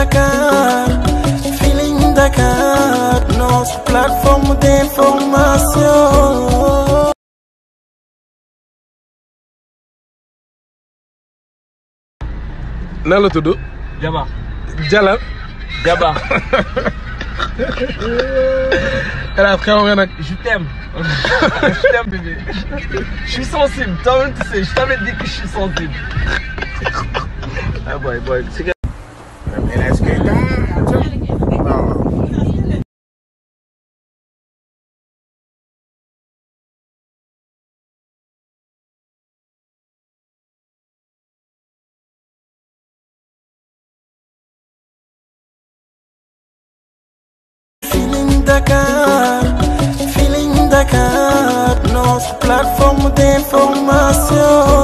Dakar Feeling Dakar notre plateforme d'information nan la tudd Jaba Jala Jaba Elaa xew nga nag je t'aime je t'aime bébé je suis sensible toi-même tu sais je t'avais dit que je suis sensible ah boy boy Feeling Dakar Feeling Dakar notre plateforme d'information